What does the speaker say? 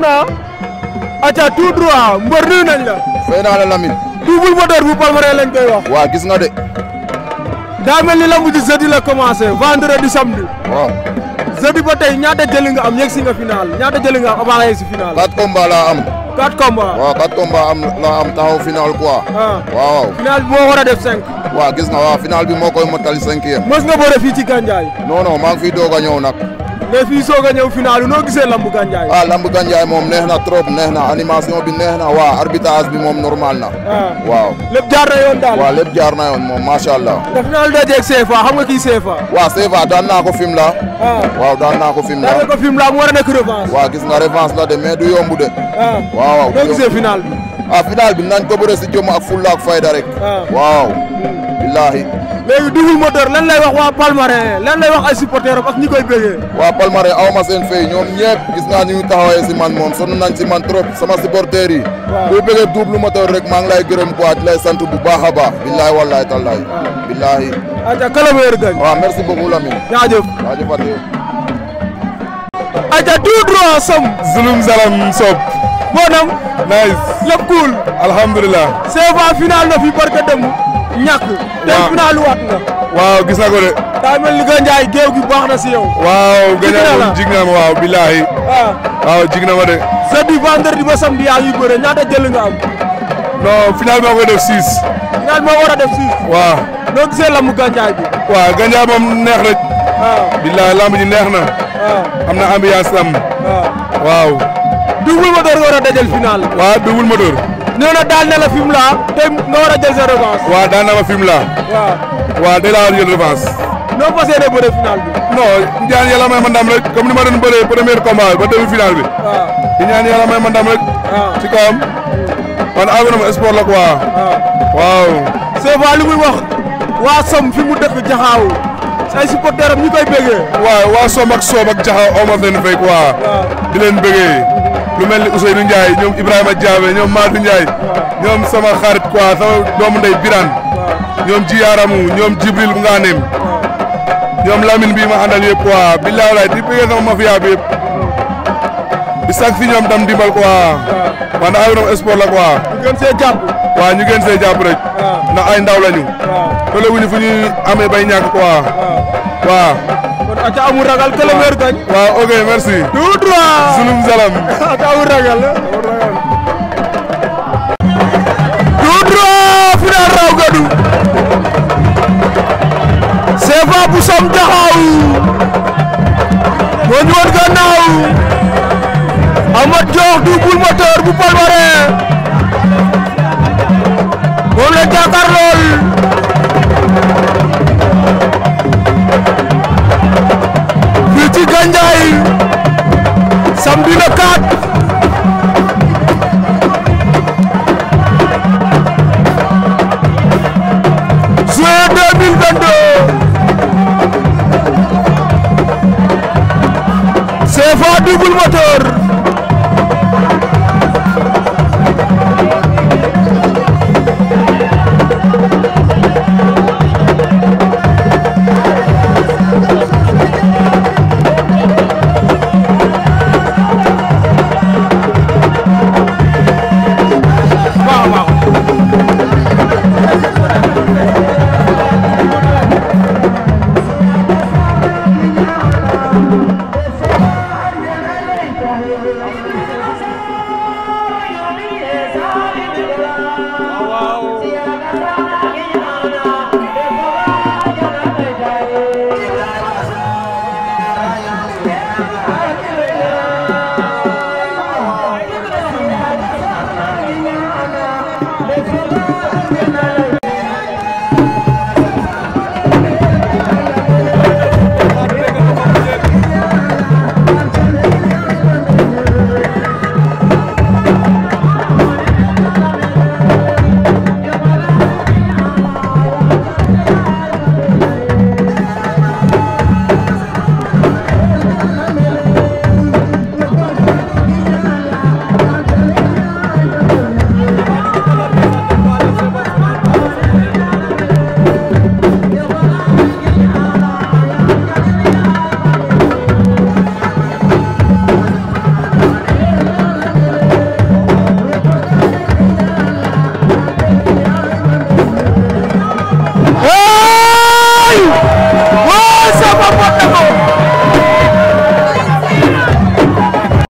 xam naa tout droit mbër nuyu nañ la fay naa la Lamine double moteur bu palmarès lañ koy wax waaw gis nga de daa mel ni lamb ji jeudi la commencé vendredi samedi waaw jeudi ba tey ñaata jëli nga am yegg nga final ñaata jëli nga avant yegg si final quatre combat laa am quatre combat waaw quatre combat am laa am taxaw final quoi ah. ah. waaw final bi moo war a def cinq waaw gis nga waaw final bi moo koy mottali cinquième ya? mos nga bëre fii ci Gandiaye non non maa ngi fii doog a mais fii soog a ñëw final noo gisee lambu Gandiaye. waaw ah, lambu Gandiaye moom neex na trop neex na animation bi neex na waaw arbitrage bi moom normal na. Ah. waaw lépp jaar na yoon daal. waaw lépp moom macha allah. daf naa lu dajeeg CFA xam nga kii CFA. waaw CFA daan naa ko Fimela. Ah. waaw daan naa ko Fimela. daan naa ko Fimela mu a nekk revanche. gis nga revanche la de mais du yomb de. waaw waaw doo gisee final bi. ah final bi nañ ko bëre si jom ak fulla ak fayda rek. Ah. waaw. billahi léegi Double lan lay wax waa Palmarin lan lay wax ay supporteram ak ñi koy bëggee. waa Palmarin aw ma ñoom ñëpp gis naa ñu si man moom sonn nañ si man trop sama supporter yi. waaw kuy bëggee Double rek maa lay gërëm quoi lay sant bu baax a baax. billahi wallahi tallahi. Ah. billahi. aja kala wéer gañ. waaw merci beaucoup Lamine. jaajëf jaajëf Fatou. aja tout som. bonam nice lépp cool alhamdulilah CFA final na fi barka dem ñàkk tey final waat nga waaw gis naa ko de daa mel ni nga Njaay géew gi baax na si waaw gëna moom jig na ma waaw billaahi ah. waaw jig ba samedi yaa ngi ñaata jël nga am non final maa koy def 6 final moo war a def 6 waaw noo gisee lamb Gandiaye bi waaw Gandiaye moom neex na ah. billaahi lamb ji neex na ah. am na ambiance lamb waaw Double Moteur nga war a dajal final. waaw Double nee na daal na la fi nga war a jël sa daal na ma fi mu laa. waaw waaw day laa war a jël revanche. noo fas yéene ma ndam rek comme ni ma doon ba demi final bi. waaw di ñaan yàlla may ma ndam rek. waaw ci kawam. man la quoi. waaw. waaw. c'est wax waa Somme fi mu jaxaaw. say supporter am ñu koy bëggee. waaw waa Soom ak Soom ak Jaxaw Omar leen fay quoi. di leen bëggee. lu mel ni Ousseynou Ndiaye ñoom Ibrahima Diabe ñoom Madou Ndiaye. ñoom sama xarit quoi sama doomu ndey Birane. ñoom Jiyaaramu ñoom Jibril Nganeem. ñoom Lamine bii ma àndal yëpp quoi billaay walaay di bëggee sama mafia bi yëpp. di ñoom tam dimbal quoi. waaw man daa la quoi. waaw ñu gën see jàpp ay ndaw lañu tole wuñu fu ñuy amee bay ñàkk quoi waaw kon aca amul ragal tele weer gañ waaw ok merci tout droit sunum salam aca eh. droit fi daan raw gadu bu sam taxaw moo ñu woon gannaaw Amath Diokh Double Moteur bu Palmarin la jàkkaar lool fii ci Gandiaye samedi le 4 juin 2022 CFA double de